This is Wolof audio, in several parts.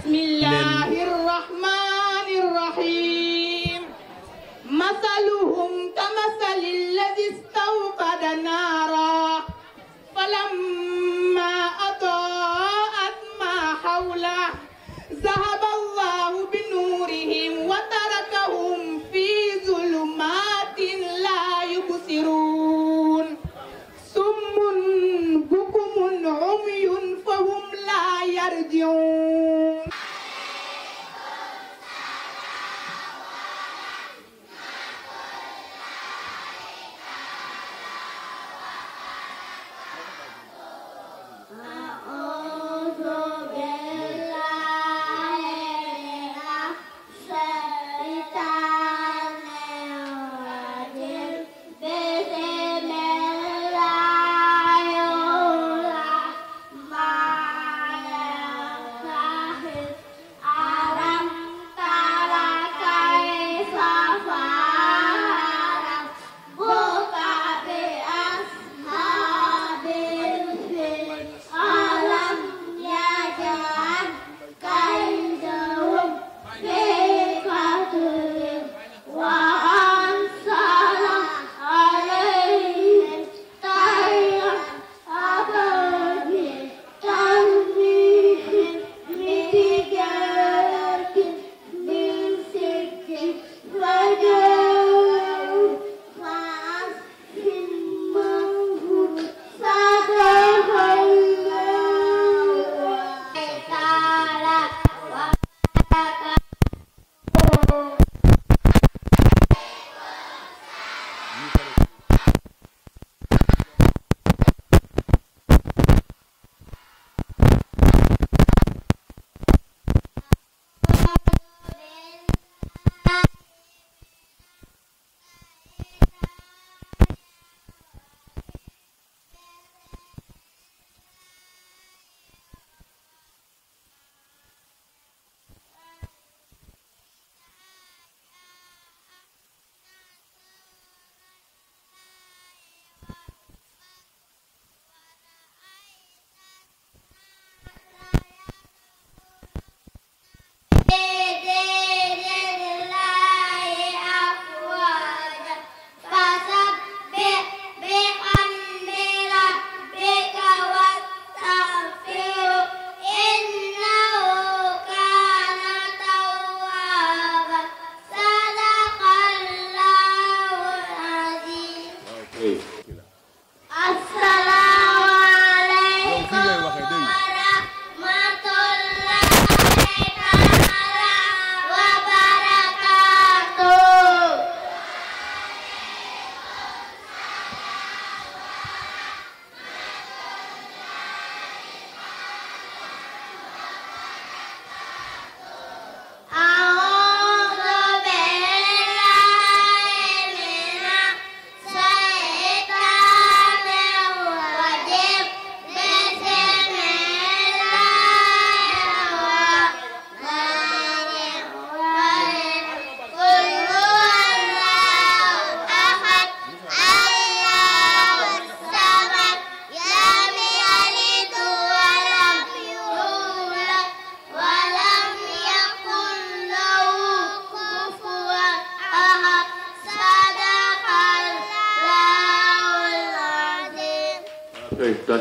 بسم الله الرحمن الرحيم مثلهم كمثل الذي استوقد نارا فلما أضاءت ما حوله ذهب الله بنورهم وتركهم في ظلمات لا يبصرون سم بكم عمي فهم لا يرجعون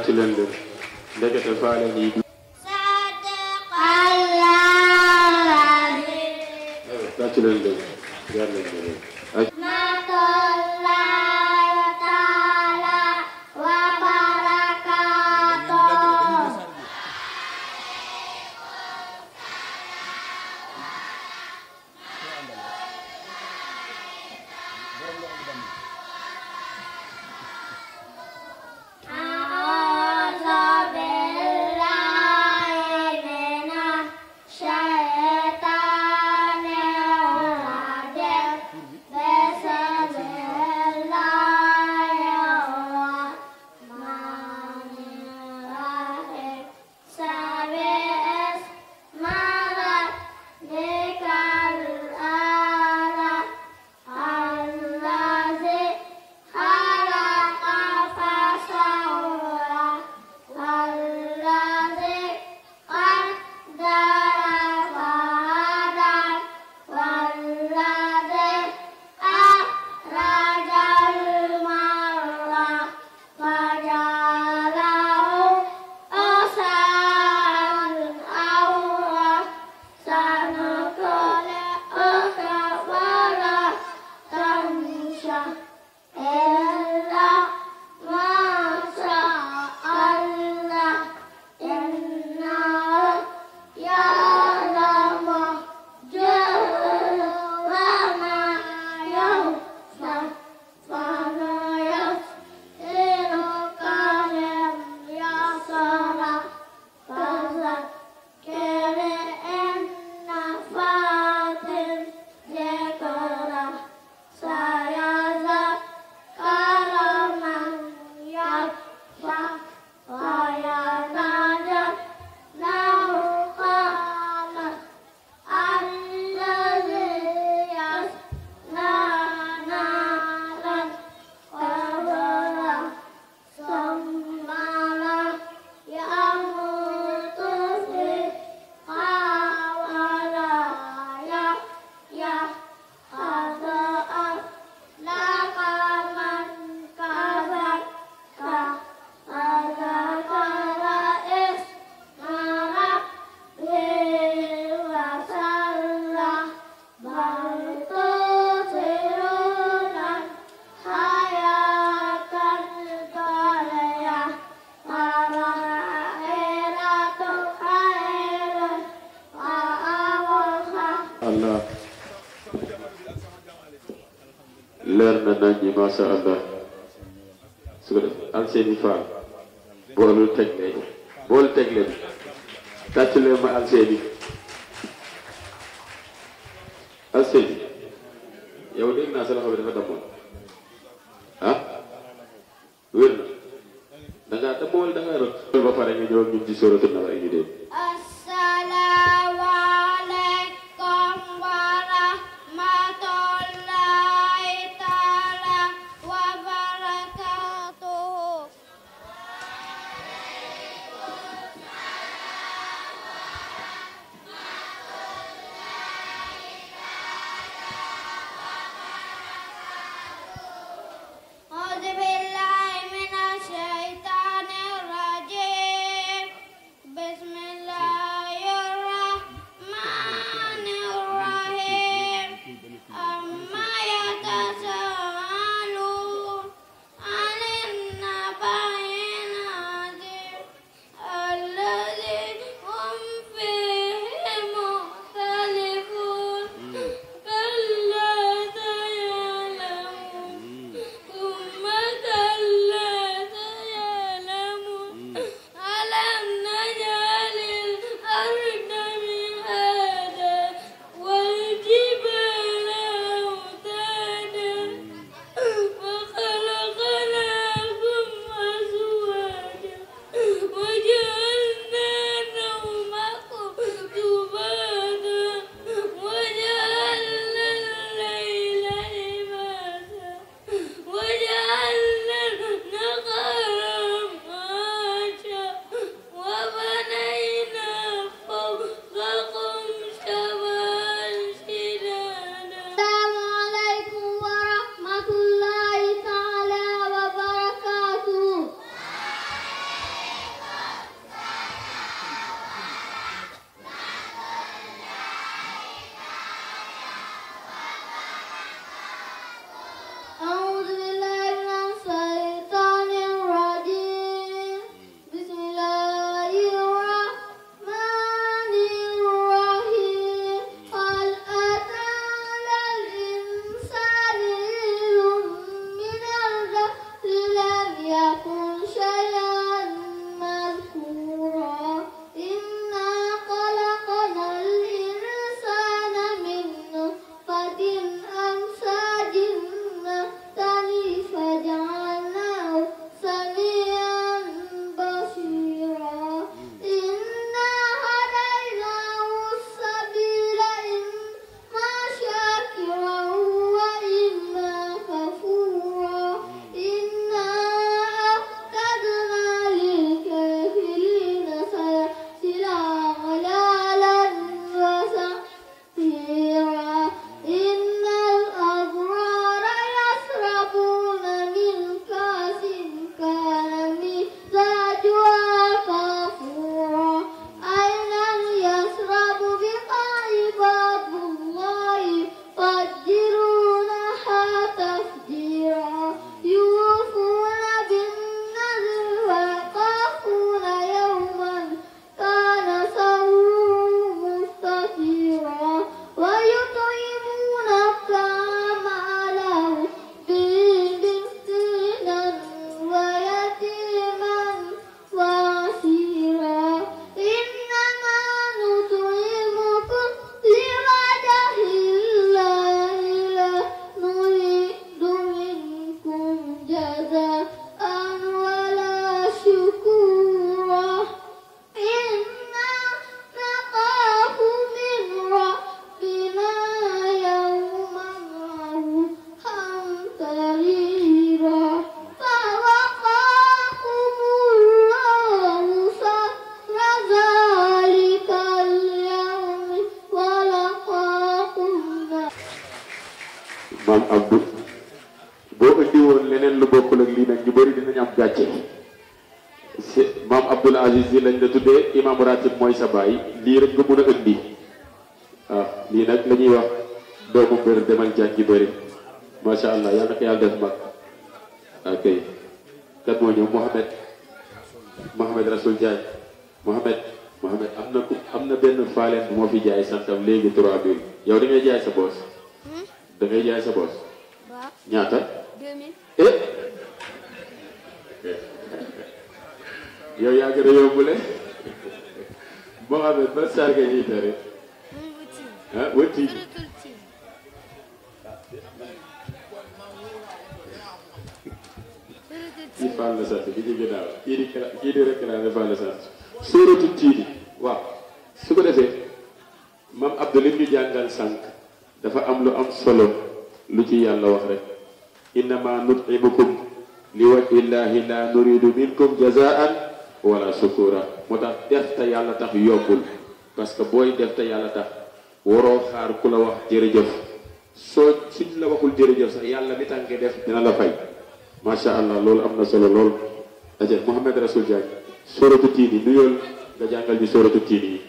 तिलंदे naaj bi macha allah su ko defee Alseyni Fall boolu teg leen boolu leen tàcc leen ma tuddee imam ratib moy sa bay li rek nga mëna indi ah li nak lañuy wax do ko bëre demal jàngi bëri sha allah yalla ko yalla def ba ok kat moo ñëw Mohamed Mohamed Rasoul Diagne Mohamed Mohamed am na ku am na benn faaleen bu fi jaay santam léegi trois mille yow da ngay jaay sa boss hmm? da ngay jaay sa boos ñaata 2000 eh yow yaa gën bu yombule Mohamed man saa nga ñuy tere. ah wëtti. kii Fall la sant bi ci ginnaaw kii di kii di rek naa ne Fall la sant suuratu tiidi waaw su ko defee maam Abdou lim ñu jàngal sànq dafa am lu am solo lu ci yàlla wax rek innama nutimukum li wajhi llahi la nuridu minkum jazaan wala sukura motax ya def ta yalla tax yobul parce que boy def ta yalla tax woro xaar kula la wax jërëjëf so ci la waxul jërëjëf sax yalla mi tanke def dina la fay sha allah lol amna solo lol, aja mohammed rasul jaay suratu tiini nuyol da jangal ni suratu tiini yi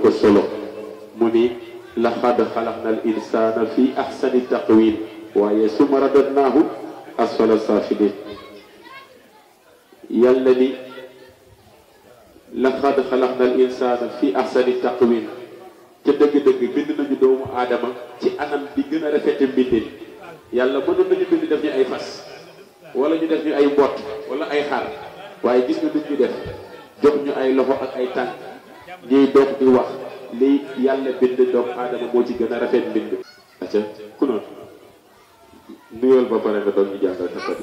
ko solo muni ni laqad khalaqnal insana fi ahsani taqwim wa suma radadnaahu asfala saafilin yàlla ni laqad khalaqnal insana fi ahsani taqwim ci deug deug bind nañu doomu adama ci anam bi gëna rafete mbindin yàlla mo nañu bind def ñu ay fas wala ñu def ñu ay bot wala ay xar waye gis nga duñu def jox ñu ay loxo ak ay tànk ñuy doog di wax li yàlla bind doomu aadama moo ci gën a rafet mbind. acca ku noonu nuyool ba pare nga doon jàngal xasat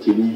Chile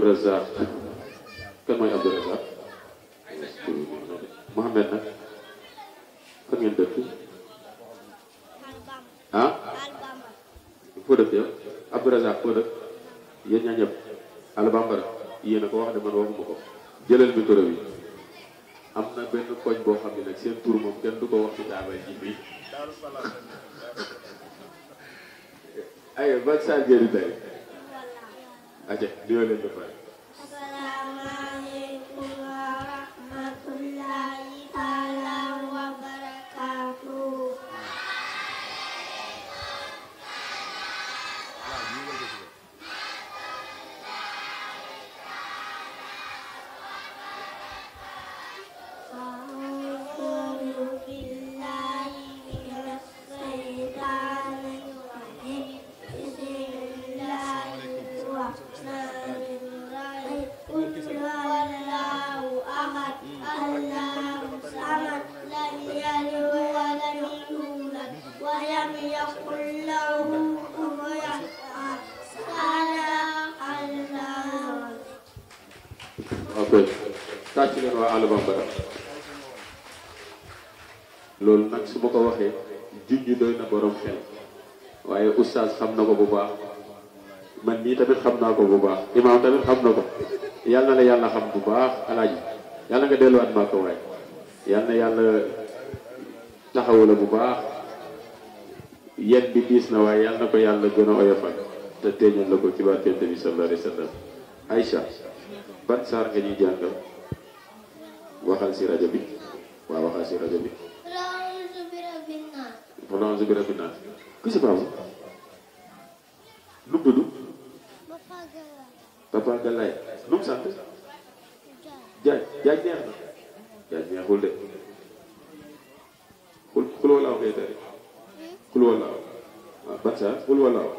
Abdou Razak mooy Abdou Mohamed nag ah? foo dëkk yow Abdou foo dëkk yéen ñaa ñëpp Alabambara yéen a ko wax de man waxuma ko jëlal bi yi am na benn koñ boo xam ne nag seen tur moom kenn du ko wax ci daabay ji bi ay saa njëriñ day aja di leen ci leen waa àll bambara loolu nag su ma ko waxee junj doy na borom xel waaye oustaz xam na ko bu baax man mii tamit xam naa ko bu baax imaam tamit xam na ko yàlla na la yàlla xam bu baax alaaji yàlla nga delluwaat maa ko waay yàlla na yàlla taxawu la bu baax bi diis na waaye yàlla na ko yàlla gën a oyofal te teeñal la ko ci bi sallallahu alayhi wa sallam Aïcha ban saar nga ñuy jàngal waxal si rajo bi waaw waxal si rajo bi wala auzu birabbin naas ku si baabu nu tudd papa Galaye nu sant jaj jaj neex na jaaj neexul de xul kul wala waxe tay kul wala wa ban kul wala walaaw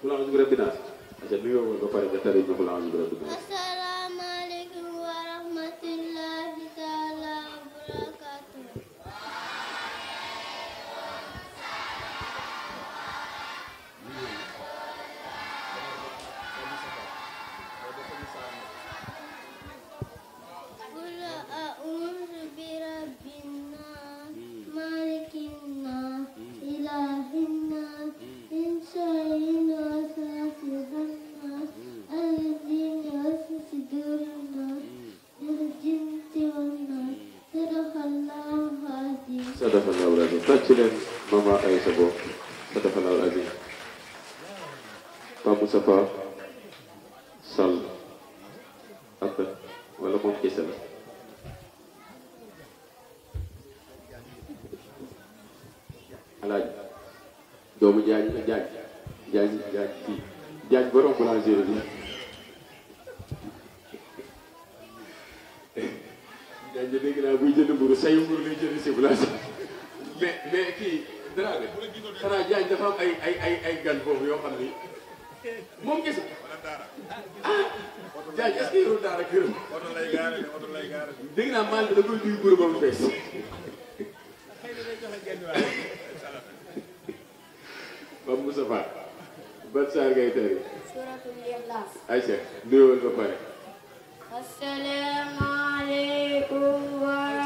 xul auzu birabbin naas aca nuyoo ba pare nga tari ñu xul auzu birabbin jaaj jaaj kii jaaj borom boulangerie bi jaaj ja dégg naa buy jënd mburu sayu mburu lay jënd si boulangerie mais mais kii dara xanaa jaaj dafa am ay ay gan foofu yoo xam ni moom gis ah jaaj est daara këram dégg naa maal bi duy mburu ba mu fees Vamos observar. ban saar ngay tari suuratul Ixlaas ayca nuyoo ba pare asalaamaaleykum wa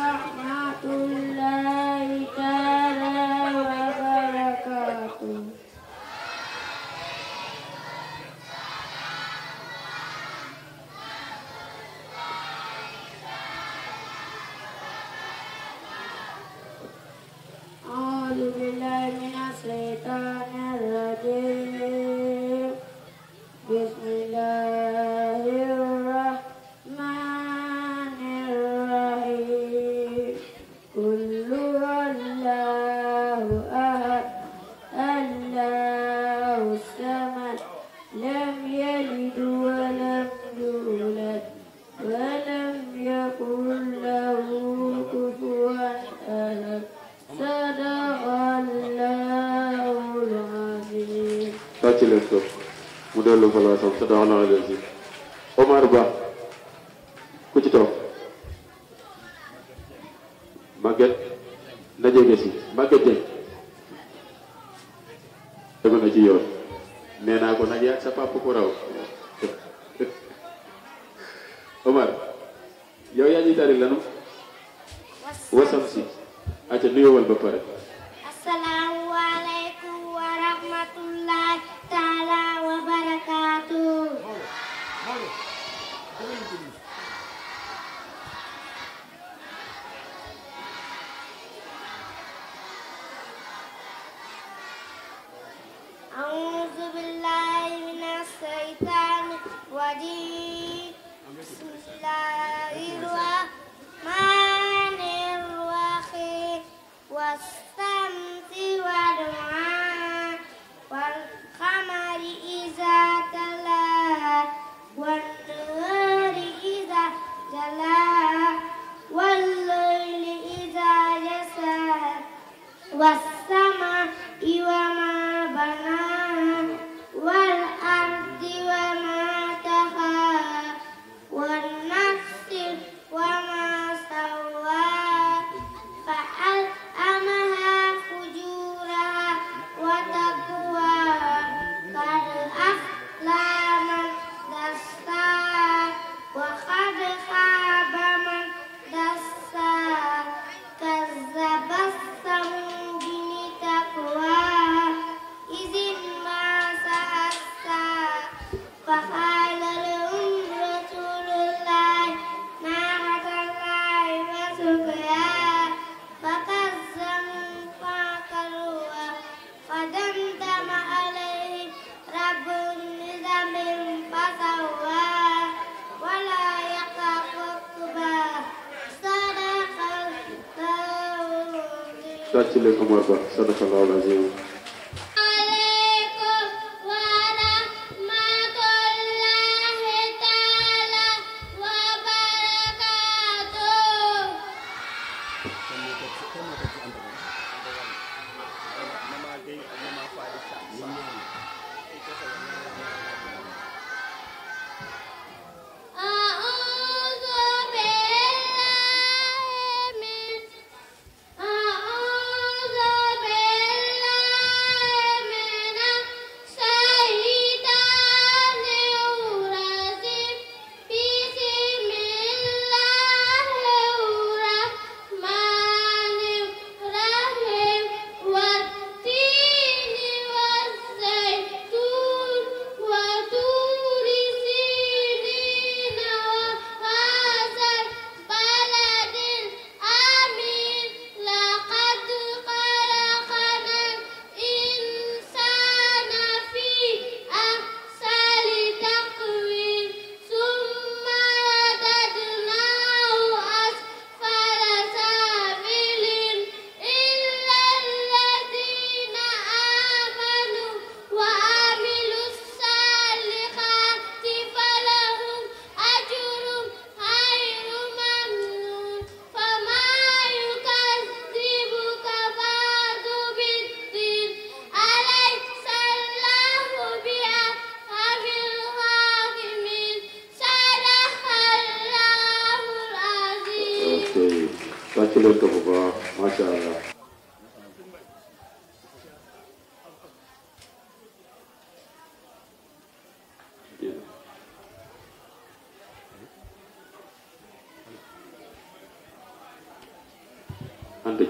mu dellu palaasam sa daax naa leen si Omar Ba ku ci toog Maguette na jege si Maguette jeg dama na ci yoon naa ko nag yaa sa papa ko raw Omar yow yaa ñuy lanu wasam si acca nuyowal pare وما بعد صدق الله العظيم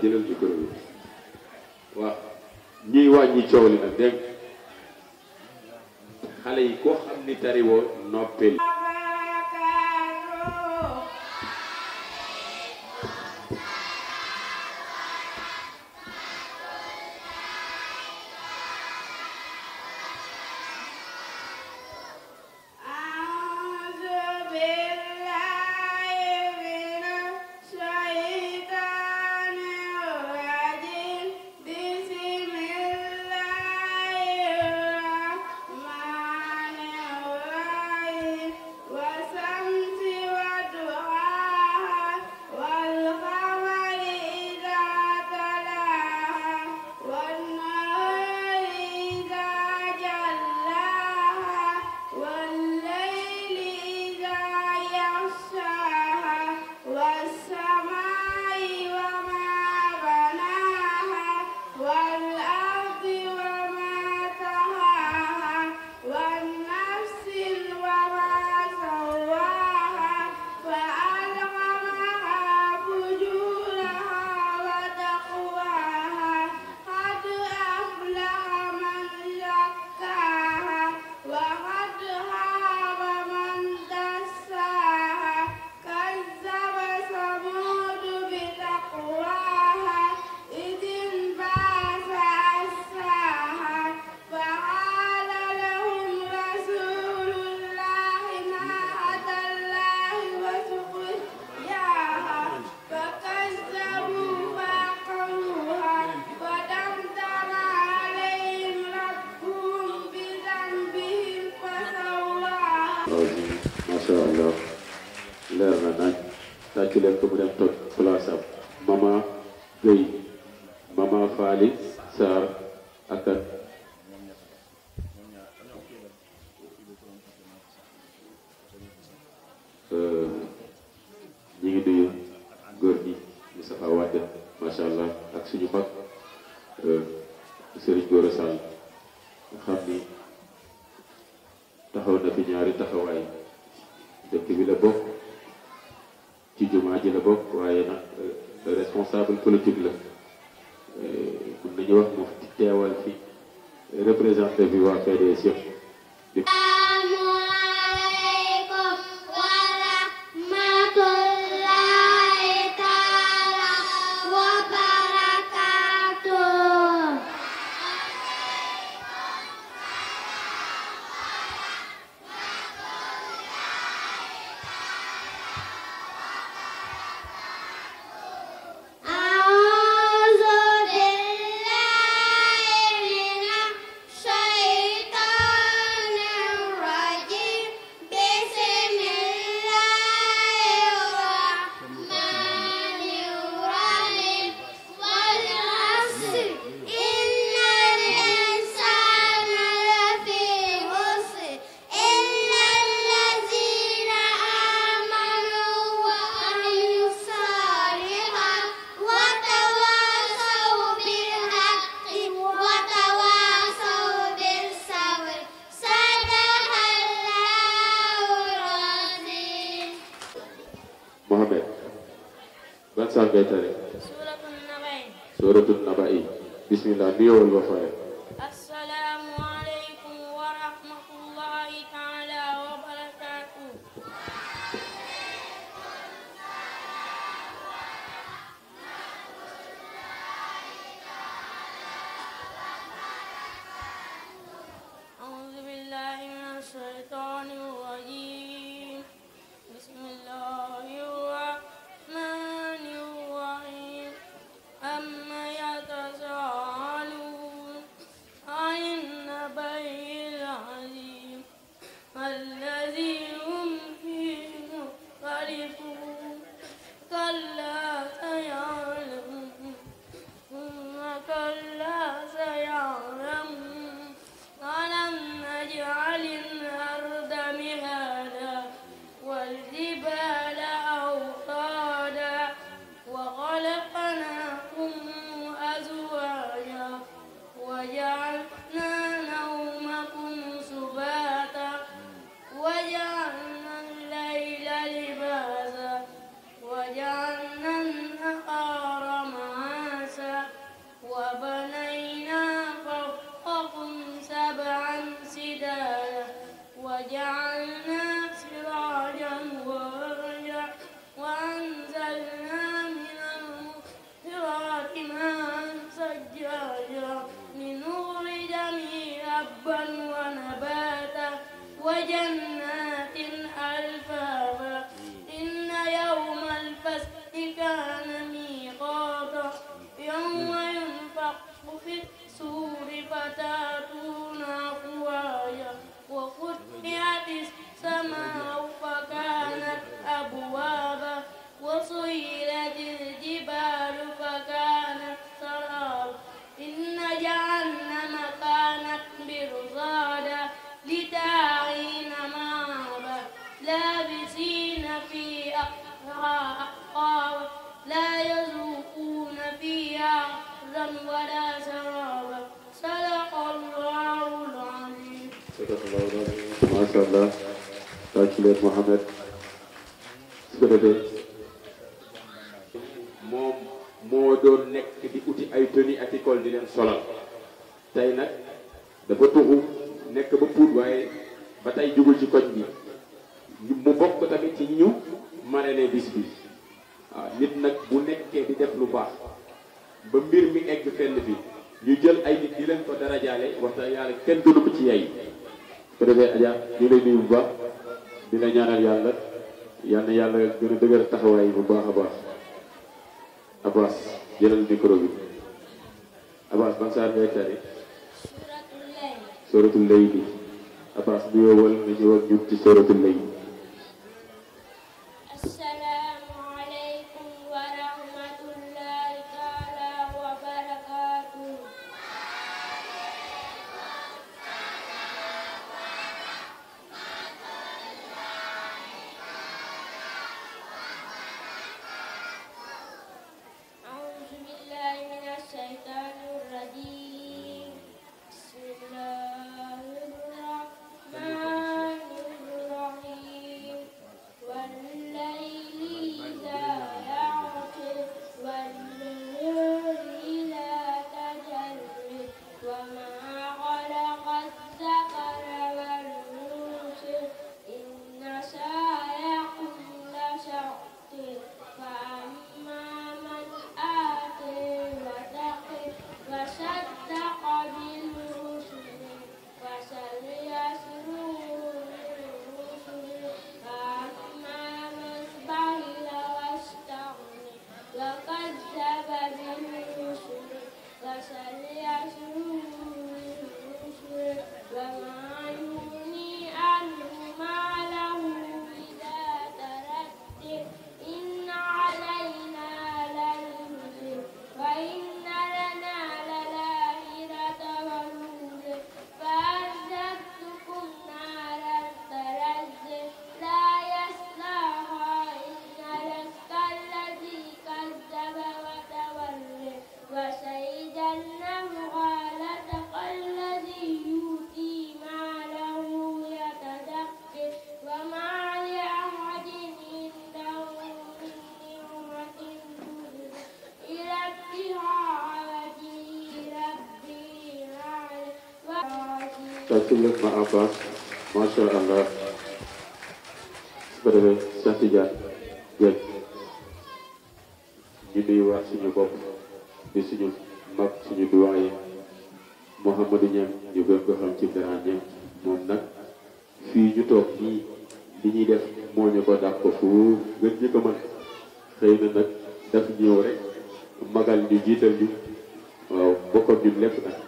jëlal micro bi waaw ñuy wàññi coow li nag dégg xale yi koo xam ni tariwoo macha allah ak suñu mag euh, Serigne Gora Sall nga xam ni taxaw na fi ñaari taxawaay dëkk bi la bokk ci jumaa ji la bokk waaye nag euh, responsable politique la euh, mun nañu wax moom teewal fi représenté bi waa PDS yëpp Mohamed jumlah Pak Masya Allah. Bersantijan, ya. Jadi wa sinyu bopp di sinyu mak sinyu duai Muhammadinya juga kehal cintaannya ko Fi jutok ni Niang moom nag fii ñu toog nii li ñuy def moo ko ko magal di jitel ñu waaw bokkam ñu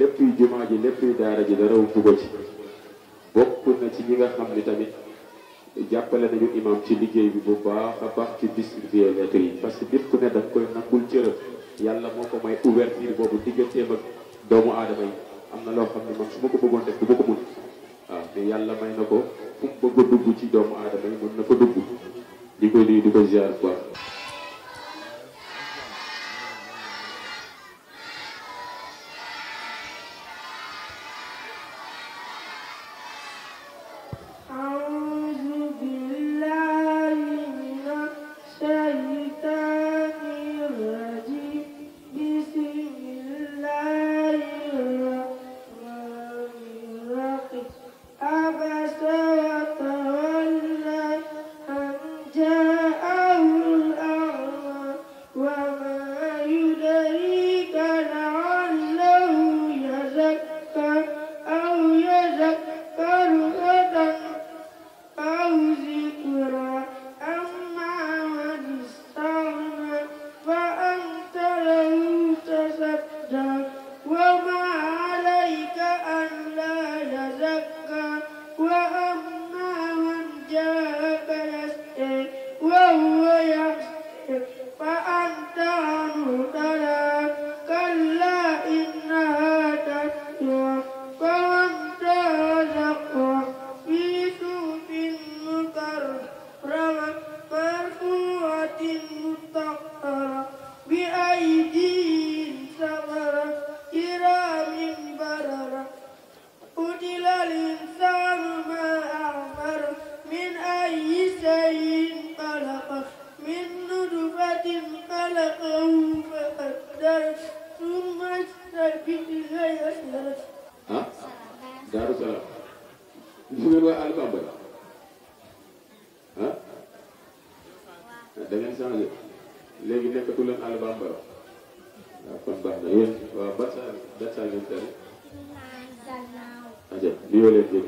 lépp yu jumaa ji lépp yu daara ji dara bugga ci bokk na ci ñi nga xam ni tamit jàppale nañu imam ci liggéey bi bu baax a baax ci bis vie lettre yi parce que nit ku ne daf koy nangul cërëm yàlla moo ko may ouverture boobu digganteem ak doomu aadama yi am na loo xam ne man su ma ko bëggoon def du ma ko mun waaw mais yàlla may na ko fu mu bëgg dugg ci doomu aadama yi mën na ko dugg di koy nuyu di ko ziar bu nekkatu leen Aliou Bamba waaw kon na yéen waaw ban saa ban tari. ajab li yoo leen jëm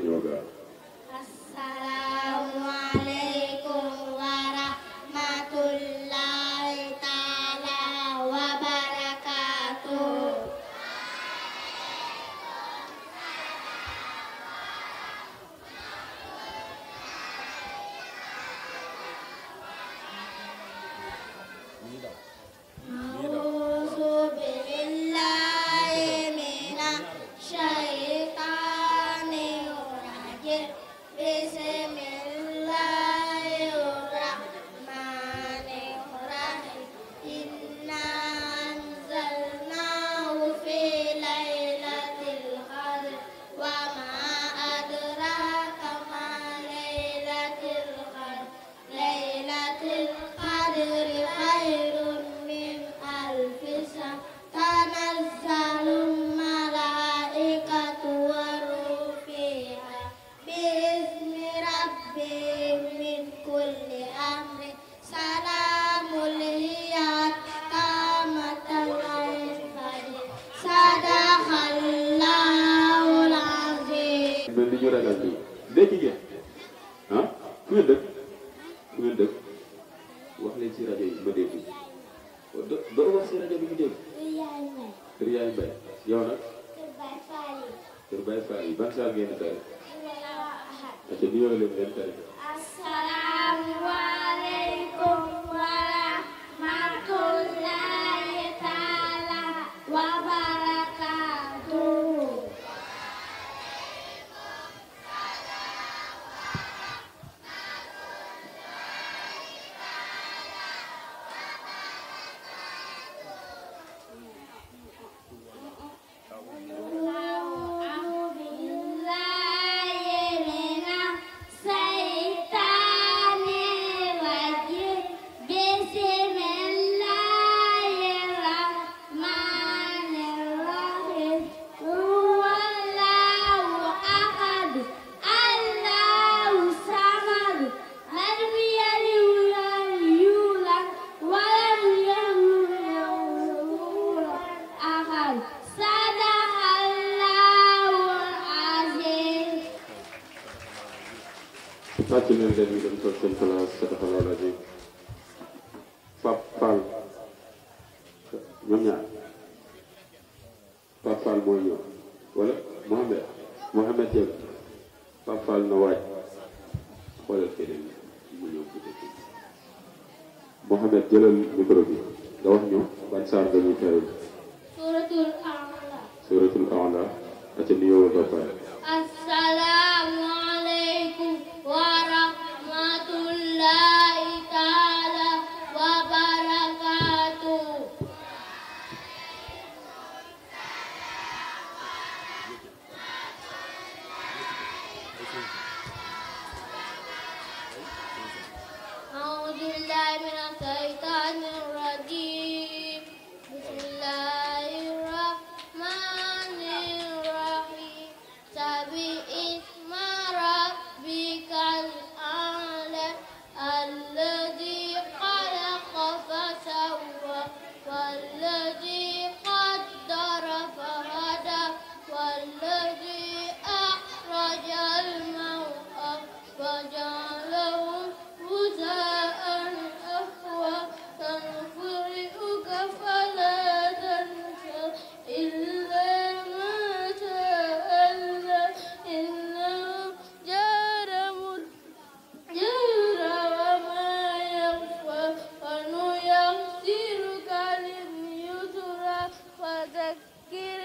leen ñu dem toog seen place sadaqallaahu al-aziim Pape Fall ñoom ñaar Pape Fall mooy ñëw wala Mohamed Mohamed Dieng Pape Fall na waaj xoolal keneen mu ñëw bu Mohamed jëlal micro bi get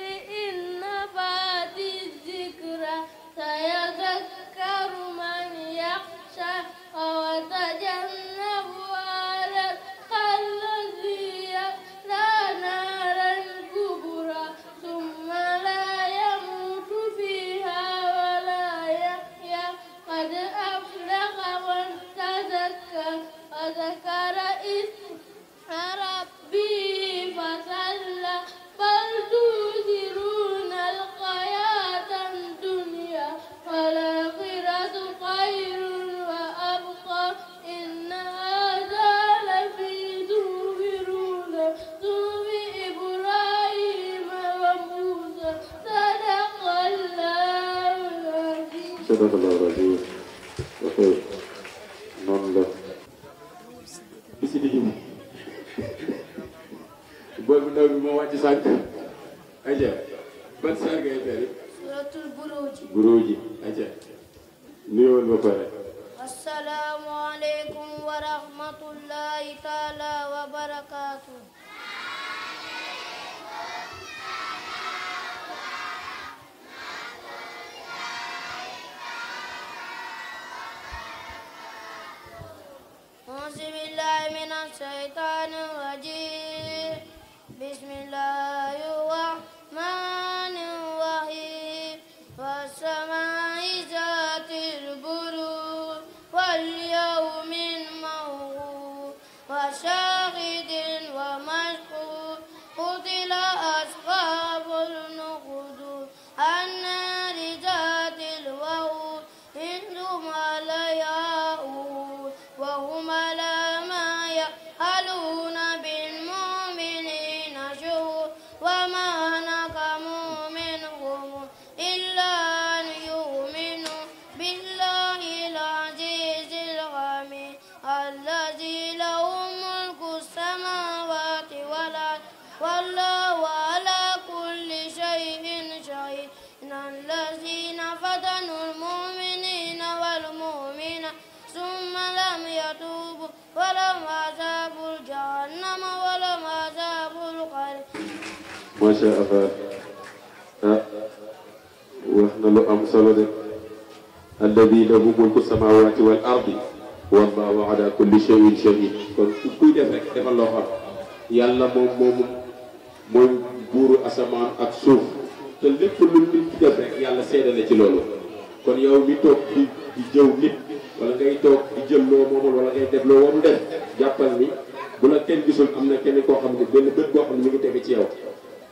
ma sha Allah ah wax na lu am solo de alladi lahu mulku samawati wal ardi wallahu ala kulli shay'in shahid kon kuy def rek defal loo xam yàlla moom moomu mooy buuru asamaan ak suuf te lépp lu nit def rek yàlla seedale ci loolu kon yow mi di di nit wala ngay toog di wala ngay def def ni bu la kenn gisul kenn benn mi ngi ci yow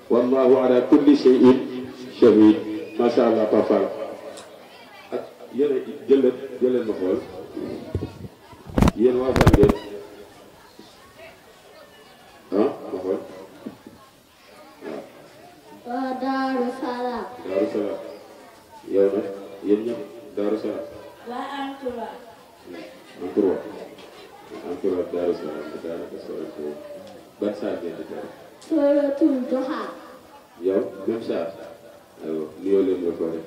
wallahu ala kulli shay'in shahid macha allah papa ak ah, yéen jëleen jëleen ma xool yéen waa Bandel ah ma xool ah. waaw Daaru Salaam Daaru Salaam yow nag yéen ñëpp Daaru Salaam waa Antura Antura Antura Daaru Salaam daanaka soo ko ban saa ngeen di suratul duha yow même saa aywa nuyoo leen ba pare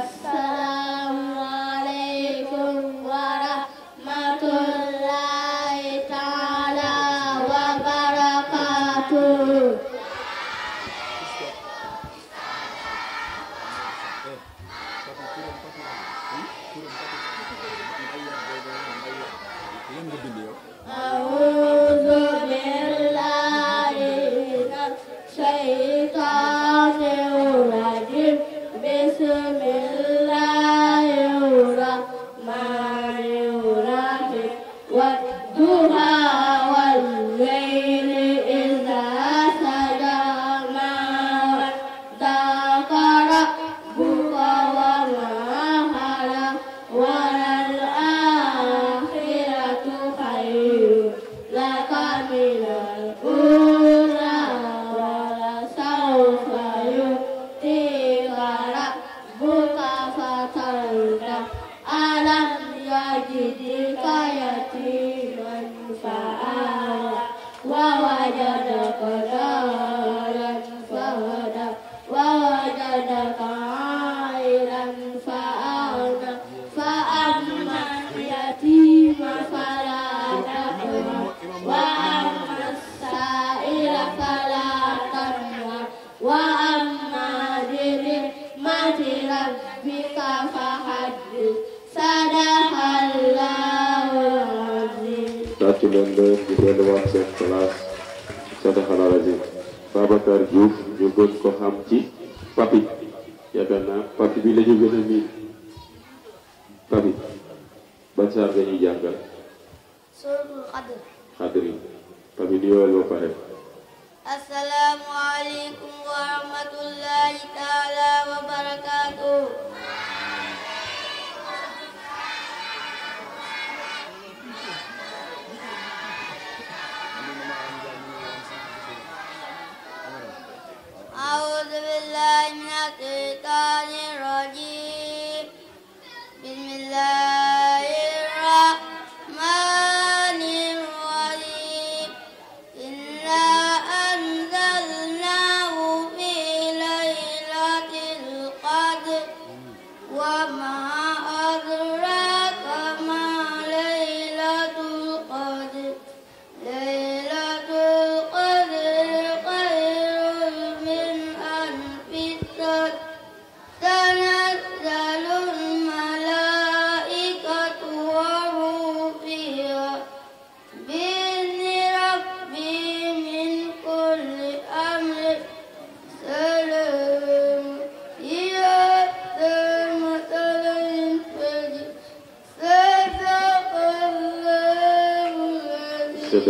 assalaamu aleykum wa rahmatullaah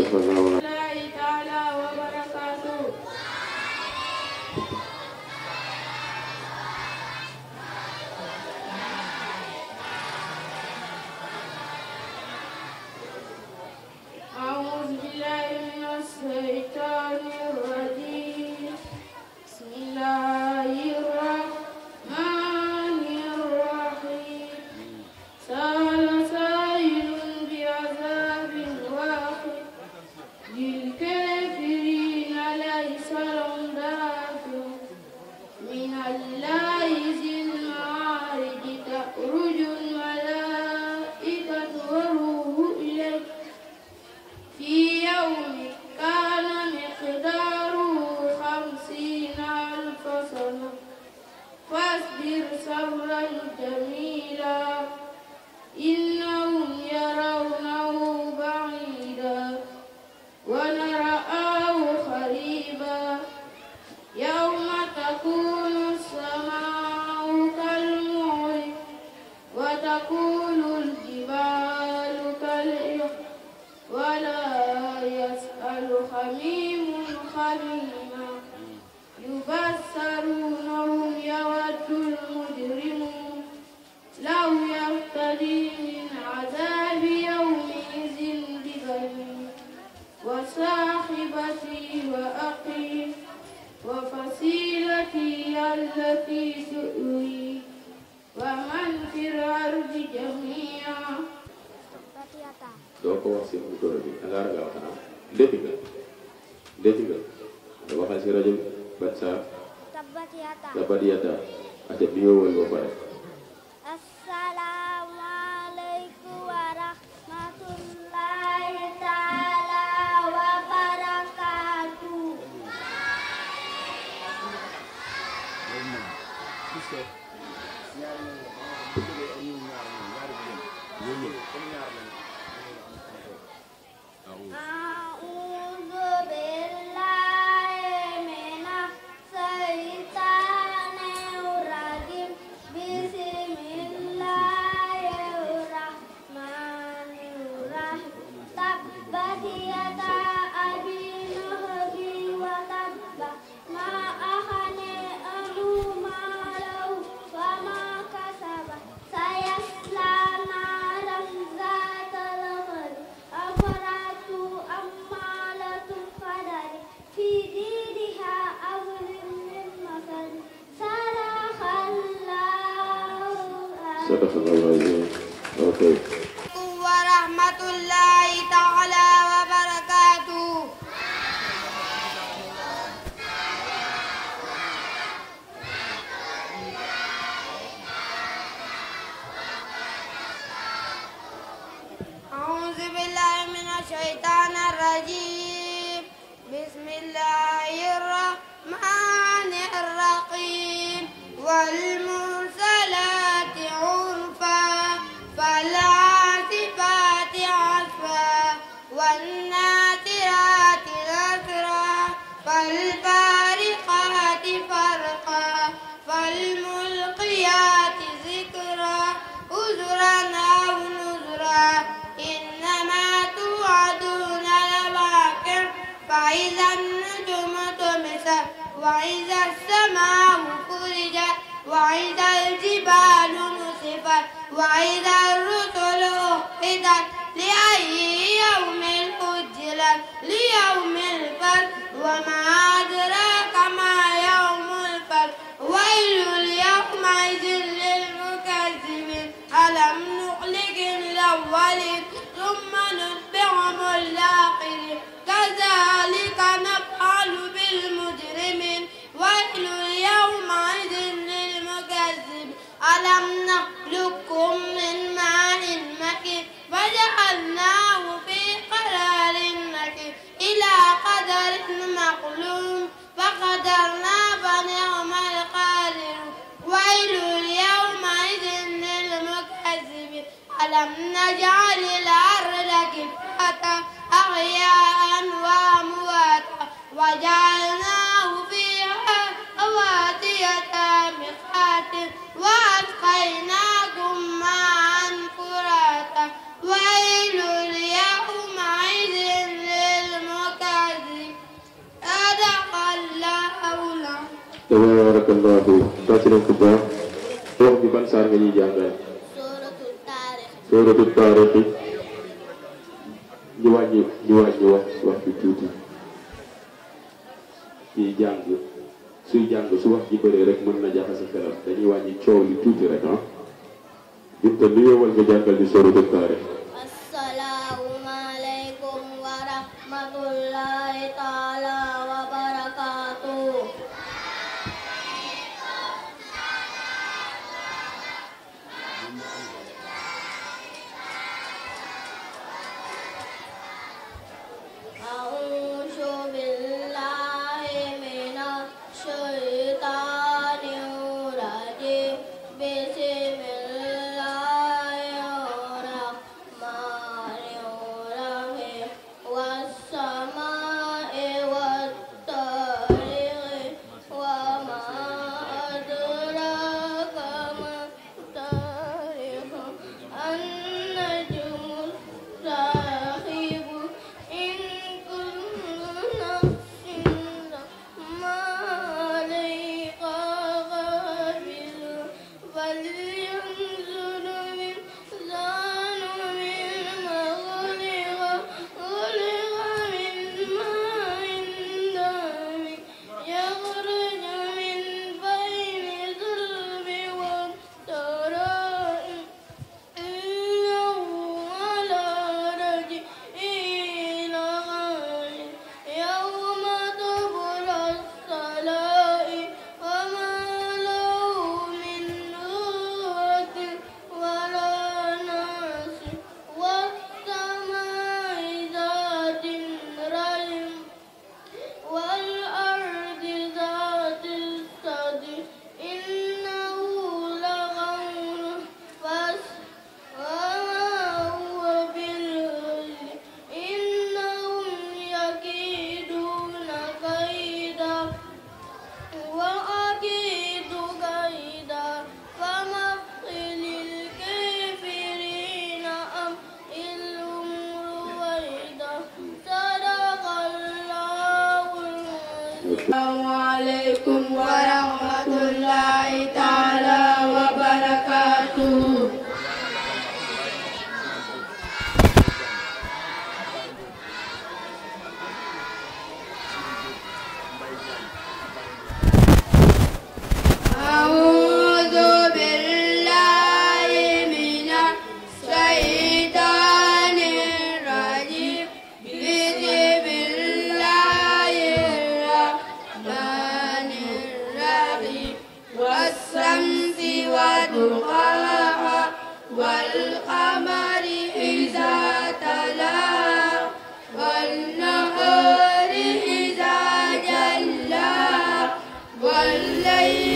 不知道。ألم نجعل الأرض كفاتا أحياء وأمواتا وجعلناه فيها أواتية دامخات وأسقيناكم ماء فراتا ويل يومئذ للمكذب صدق الله العظيم. بارك الله فيك. Terima kasih. Roh soo rëdd paare bi ñu wàññi ñu wàññi wax wax bi tuuti kii jàng suy jàng su wax ji bëree rek mën na jaxase xelam dañuy wàññi coow li tuuti rek ah binta nuyoo wal nga jàngal ñu soo rëdd والليل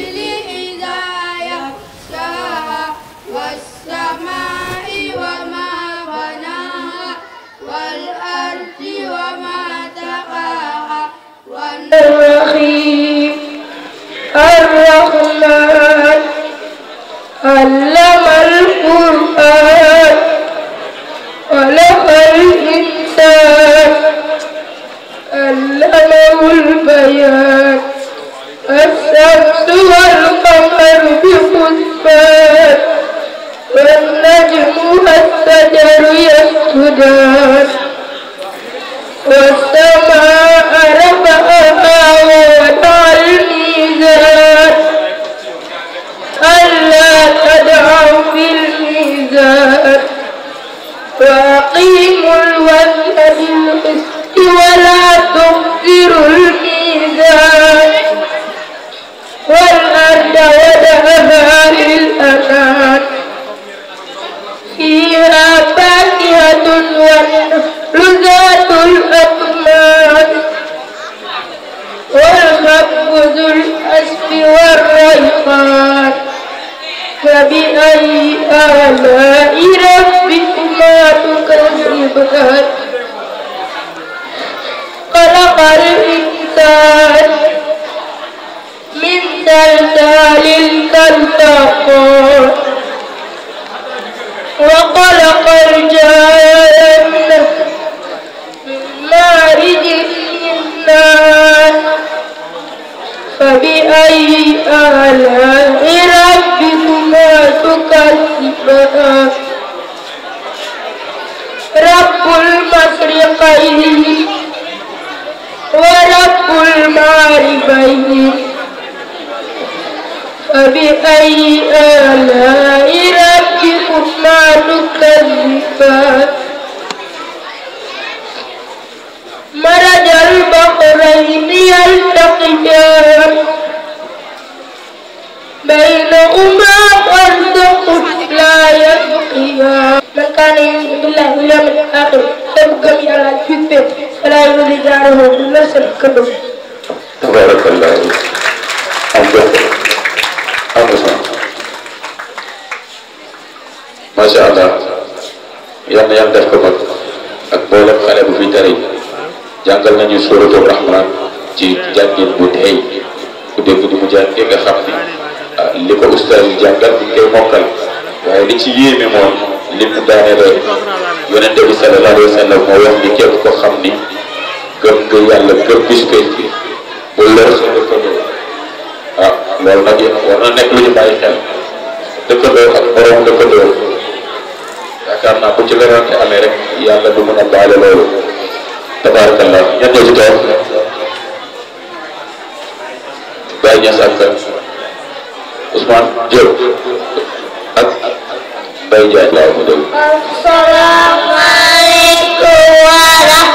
حجاب بينهما خندق لا يلقيان من كان يؤمن بالله واليوم الآخر يبقى على الفتن ولا يؤذي جاره بالنفس الكبر تبارك الله Masya Allah yang yang def ko mag ak mboolem xale bu fi tari jàngal nañu suratul rahman ci jàngin bu tey ku dégg di mu jàng nga xam ni ah, li ko ustaas yi jàngal mokkal waaye li ci yéeme mooy li mu daanelee yonente bi sallallahu alayhi wa sallam moo wax ni képp ko xam ni gëm gi yàlla gëm bis pénc bi bu lor sa dëkkandoo ah loolu nag war na nekk lu ñu bàyyi xel dëkkandoo ak borom dëkkandoo yaakaar naa bu ci lorante amee rek yàlla du mën a baale loolu tabaarakallah ñett ñoo ci toog Baye Niass ak Ousmane Diop ak Baye Ndiaye laa mu déglu. asalaamaaleykum wa rahmatulah.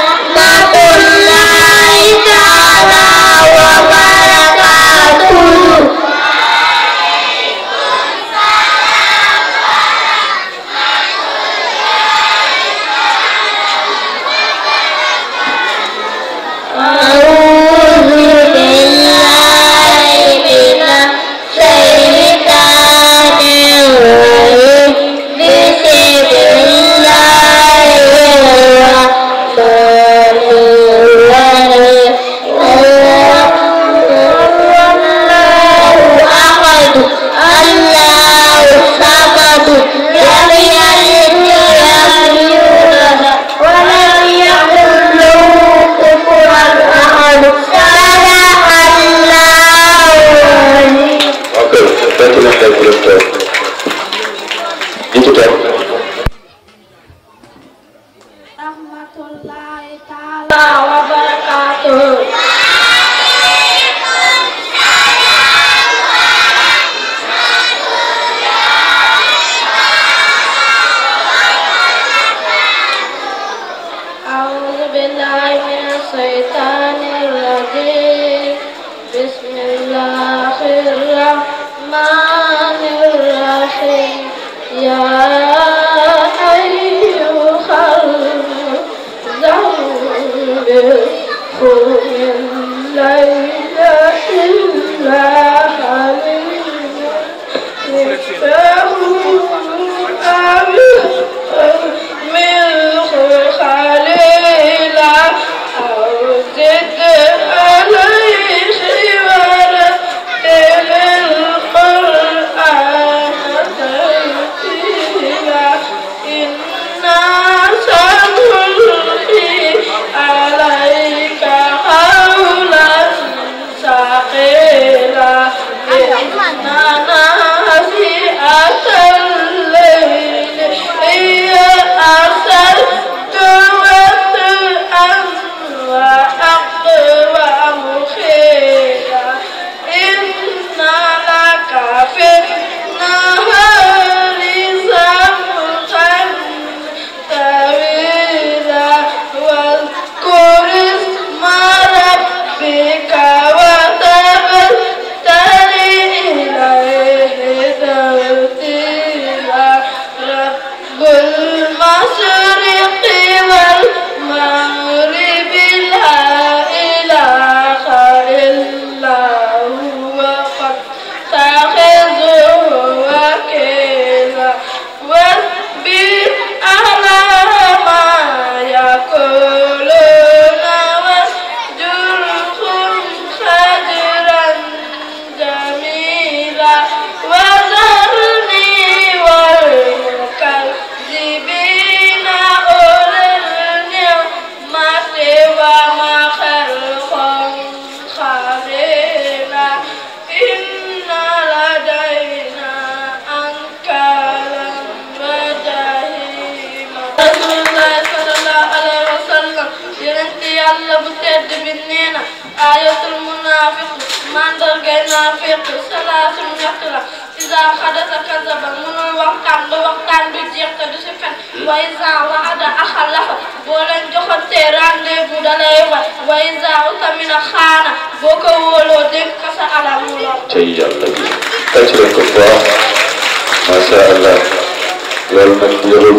nekk ak directeur bi ci teg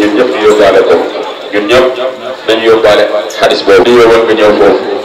ñun ñëpp ñu yóbbaale ko ñun ñëpp nañu yóbbaale xadis boobu. di yóbbal nga ñëw foofu.